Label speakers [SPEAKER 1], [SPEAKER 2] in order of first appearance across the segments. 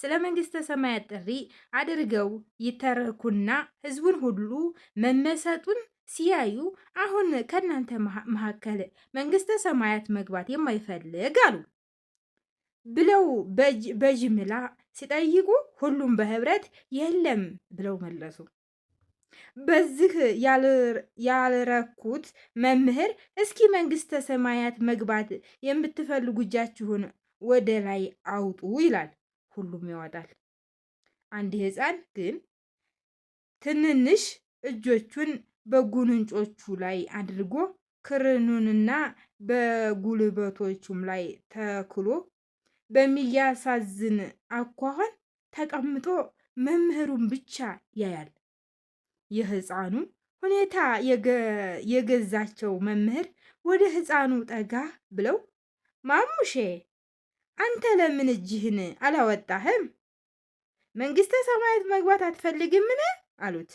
[SPEAKER 1] ስለ መንግስተ ሰማያት ጥሪ አድርገው ይተረኩና ህዝቡን ሁሉ መመሰጡን ሲያዩ አሁን ከእናንተ መካከል መንግስተ ሰማያት መግባት የማይፈልግ አሉ ብለው በጅምላ ሲጠይቁ ሁሉም በህብረት የለም ብለው መለሱ። በዚህ ያልረኩት መምህር እስኪ መንግስተ ሰማያት መግባት የምትፈልጉ እጃችሁን ወደ ላይ አውጡ ይላል። ሁሉም ያዋጣል። አንድ ሕፃን ግን ትንንሽ እጆቹን በጉንንጮቹ ላይ አድርጎ ክርኑንና በጉልበቶቹም ላይ ተክሎ በሚያሳዝን አኳኋን ተቀምጦ መምህሩን ብቻ ያያል። የሕፃኑ ሁኔታ የገዛቸው መምህር ወደ ሕፃኑ ጠጋ ብለው ማሙሼ አንተ ለምን እጅህን አላወጣህም? መንግስተ ሰማያት መግባት አትፈልግምን? አሉት።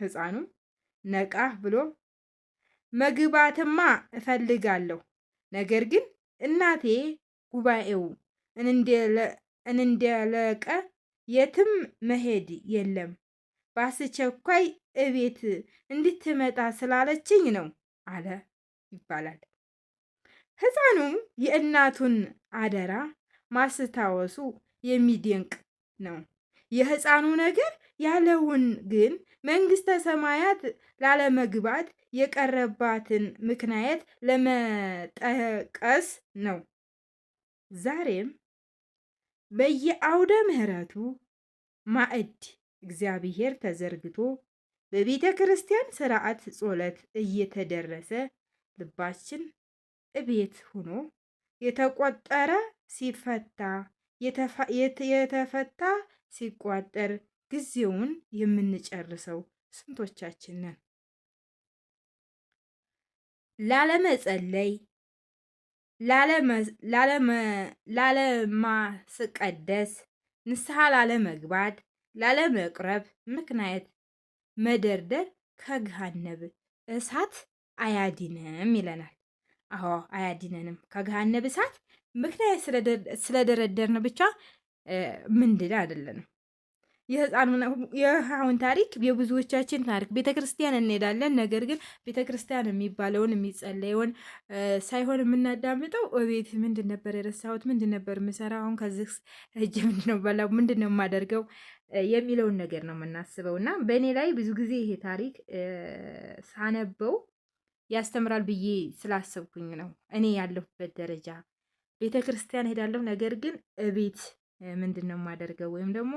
[SPEAKER 1] ህፃኑ ነቃህ ብሎ መግባትማ እፈልጋለሁ፣ ነገር ግን እናቴ ጉባኤው እንንደለቀ የትም መሄድ የለም በአስቸኳይ እቤት እንድትመጣ ስላለችኝ ነው አለ ይባላል። ሕፃኑም የእናቱን አደራ ማስታወሱ የሚደንቅ ነው። የሕፃኑ ነገር ያለውን ግን መንግስተ ሰማያት ላለመግባት የቀረባትን ምክንያት ለመጠቀስ ነው። ዛሬም በየአውደ ምሕረቱ ማዕድ እግዚአብሔር ተዘርግቶ በቤተ ክርስቲያን ስርዓት ጾለት እየተደረሰ ልባችን እቤት ሆኖ የተቆጠረ ሲፈታ የተፈታ ሲቋጠር ጊዜውን የምንጨርሰው ስንቶቻችን ነን? ላለመጸለይ፣ ላለማስቀደስ፣ ንስሐ ላለመግባት፣ ላለመቅረብ ምክንያት መደርደር ከግሃነብ እሳት አያድንም ይለናል። አዎ አያድነንም ከገሃነብ እሳት ምክንያት ስለደረደርን ብቻ ምንድን አይደለንም። የአሁን ታሪክ የብዙዎቻችን ታሪክ። ቤተ ክርስቲያን እንሄዳለን፣ ነገር ግን ቤተ ክርስቲያን የሚባለውን የሚጸለየውን ሳይሆን የምናዳምጠው እቤት ምንድን ነበር የረሳሁት፣ ምንድን ነበር የምሰራው፣ አሁን ከዚህ እጅ ምንድን ነው በላው፣ ምንድን ነው የማደርገው የሚለውን ነገር ነው የምናስበው። እና በእኔ ላይ ብዙ ጊዜ ይሄ ታሪክ ሳነበው ያስተምራል ብዬ ስላሰብኩኝ ነው። እኔ ያለሁበት ደረጃ ቤተ ክርስቲያን ሄዳለሁ። ነገር ግን እቤት ምንድን ነው የማደርገው? ወይም ደግሞ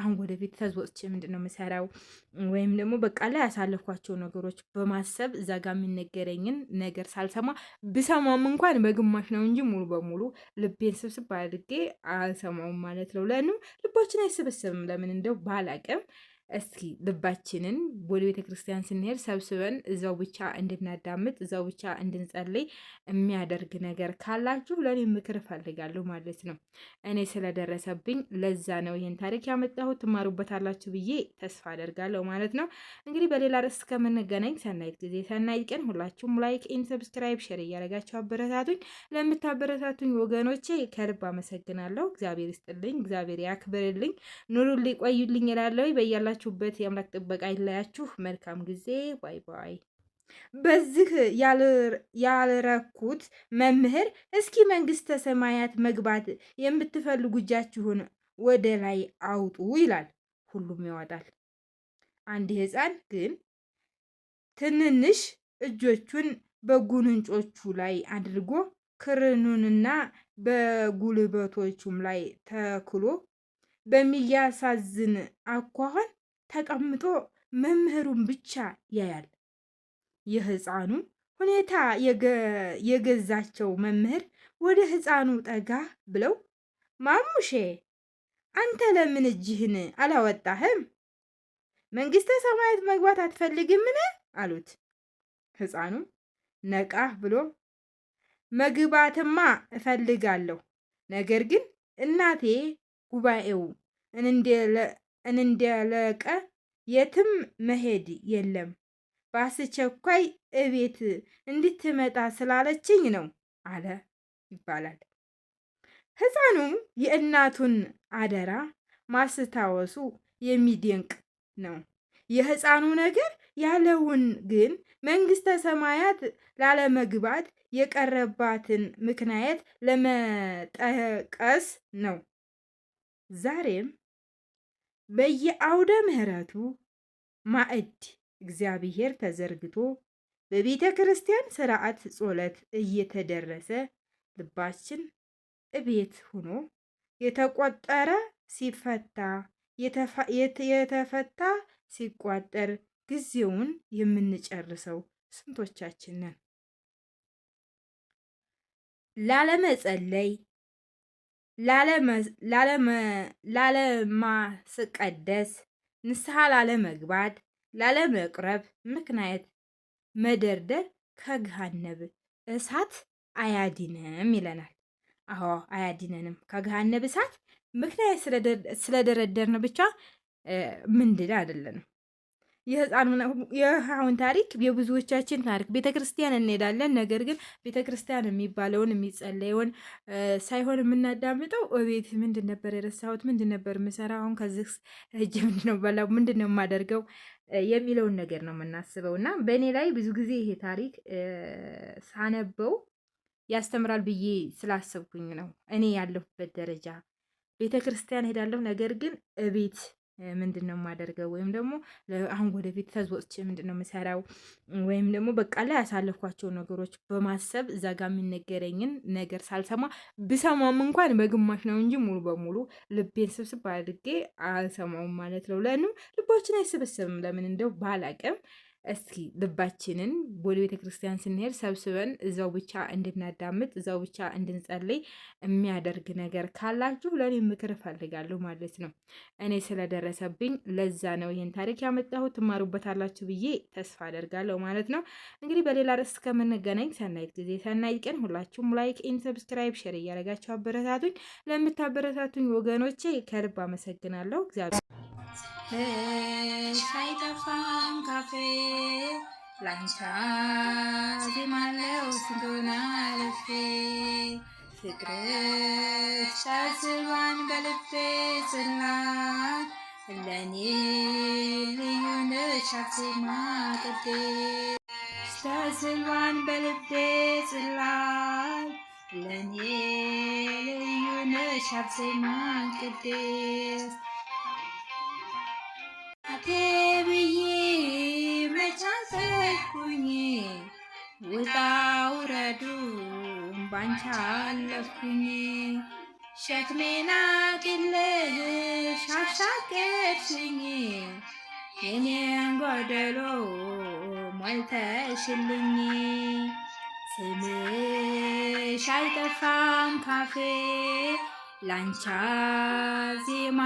[SPEAKER 1] አሁን ወደ ቤት ተዝወጥቼ ምንድን ነው የምሰራው? ወይም ደግሞ በቃ ላይ ያሳለፍኳቸው ነገሮች በማሰብ እዛ ጋር የሚነገረኝን ነገር ሳልሰማ ብሰማም እንኳን በግማሽ ነው እንጂ ሙሉ በሙሉ ልቤን ስብስብ አድርጌ አልሰማውም ማለት ነው። ለንም ልባችን አይሰበሰብም። ለምን እንደው ባላቅም እስኪ ልባችንን ወደ ቤተ ክርስቲያን ስንሄድ ሰብስበን እዛው ብቻ እንድናዳምጥ እዛው ብቻ እንድንጸልይ የሚያደርግ ነገር ካላችሁ ለእኔ ምክር እፈልጋለሁ ማለት ነው። እኔ ስለደረሰብኝ ለዛ ነው ይህን ታሪክ ያመጣሁት። ትማሩበታላችሁ ብዬ ተስፋ አደርጋለሁ ማለት ነው። እንግዲህ በሌላ ርዕስ እስከምንገናኝ ሰናይት ጊዜ፣ ሰናይት ቀን። ሁላችሁም ላይክ፣ ኢን፣ ሰብስክራይብ፣ ሼር እያደረጋችሁ አበረታቱኝ። ለምታበረታቱኝ ወገኖቼ ከልብ አመሰግናለሁ። እግዚአብሔር ይስጥልኝ፣ እግዚአብሔር ያክብርልኝ። ኑሩ ሊቆዩልኝ እላለሁ በያላችሁ ባላችሁበት የአምላክ ጥበቃ ይለያችሁ። መልካም ጊዜ። ባይ ባይ። በዚህ ያልረኩት መምህር እስኪ መንግስተ ሰማያት መግባት የምትፈልጉ እጃችሁን ወደ ላይ አውጡ ይላል። ሁሉም ያወጣል። አንድ ህፃን ግን ትንንሽ እጆቹን በጉንንጮቹ ላይ አድርጎ ክርኑንና በጉልበቶቹም ላይ ተክሎ በሚያሳዝን አኳኋን ተቀምጦ መምህሩን ብቻ ያያል። የህፃኑ ሁኔታ የገዛቸው መምህር ወደ ህፃኑ ጠጋ ብለው ማሙሼ አንተ ለምን እጅህን አላወጣህም? መንግስተ ሰማያት መግባት አትፈልግምን? አሉት። ህፃኑ ነቃ ብሎ መግባትማ እፈልጋለሁ፣ ነገር ግን እናቴ ጉባኤው እንዳለቀ የትም መሄድ የለም በአስቸኳይ እቤት እንድትመጣ ስላለችኝ ነው አለ ይባላል። ሕፃኑም የእናቱን አደራ ማስታወሱ የሚደንቅ ነው። የሕፃኑ ነገር ያለውን ግን መንግስተ ሰማያት ላለመግባት የቀረባትን ምክንያት ለመጠቀስ ነው። ዛሬም በየአውደ ምሕረቱ ማዕድ እግዚአብሔር ተዘርግቶ በቤተ ክርስቲያን ስርዓት ጸሎት እየተደረሰ ልባችን እቤት ሆኖ የተቆጠረ ሲፈታ የተፈታ ሲቋጠር ጊዜውን የምንጨርሰው ስንቶቻችን ነን? ላለመጸለይ ላለማስቀደስ፣ ንስሐ ላለመግባት፣ ላለመቅረብ ምክንያት መደርደር ከገሃነብ እሳት አያዲነም ይለናል። አዎ አያዲነንም ከገሃነብ እሳት ምክንያት ስለደረደርን ብቻ ምንድን አይደለንም። የህፃን የአሁን ታሪክ የብዙዎቻችን ታሪክ ቤተ ክርስቲያን እንሄዳለን። ነገር ግን ቤተ ክርስቲያን የሚባለውን የሚጸለየውን ሳይሆን የምናዳምጠው እቤት ምንድን ነበር የረሳሁት፣ ምንድን ነበር የምሰራ፣ አሁን ከዚህ እጅ ምንድነው በላው፣ ምንድነው የማደርገው የሚለውን ነገር ነው የምናስበው። እና በእኔ ላይ ብዙ ጊዜ ይሄ ታሪክ ሳነበው ያስተምራል ብዬ ስላሰብኩኝ ነው እኔ ያለሁበት ደረጃ ቤተ ክርስቲያን ሄዳለሁ። ነገር ግን እቤት ምንድን ነው የማደርገው? ወይም ደግሞ አሁን ወደፊት ተዝ ምንድን ነው የምሰራው? ወይም ደግሞ በቃ ላይ ያሳለፍኳቸው ነገሮች በማሰብ እዛ ጋር የሚነገረኝን ነገር ሳልሰማ ብሰማም እንኳን በግማሽ ነው እንጂ ሙሉ በሙሉ ልቤን ስብስብ አድርጌ አልሰማውም ማለት ነው። ለንም ልባችን አይሰበሰብም ለምን እንደው ባላቅም እስኪ ልባችንን ወደ ቤተ ክርስቲያን ስንሄድ ሰብስበን እዛው ብቻ እንድናዳምጥ እዛው ብቻ እንድንጸልይ የሚያደርግ ነገር ካላችሁ ለእኔ ምክር እፈልጋለሁ ማለት ነው። እኔ ስለደረሰብኝ ለዛ ነው ይህን ታሪክ ያመጣሁት። ትማሩበታላችሁ ብዬ ተስፋ አደርጋለሁ ማለት ነው። እንግዲህ በሌላ ርዕስ እስከምንገናኝ ሰናይት ጊዜ፣ ሰናይት ቀን። ሁላችሁም ላይክ፣ ኢን፣ ሰብስክራይብ፣ ሼር እያደረጋችሁ አበረታቱኝ። ለምታበረታቱኝ ወገኖቼ ከልብ አመሰግናለሁ እግዚአብሔር ሳይጠፋም ካፌ ላንቻ ዜማለው ስንቱን አልፌ ፍቅርሽ ሳስባን በልቤ ጽናት ለኔ ልዩ ነሽ አርሴማ ቅድስት ሳስባን በልቤ ጽናት ለኔ ልዩ ነሽ አርሴማ ቅድስት አንቺ አለፍኩኝ ሸክሜን አቅልልሽ አሻገርሽኝ የኔን ጎደሎ ሞልተሽልኝ ስምሽ አይጠፋም ካፌ ላንቻ ዜማ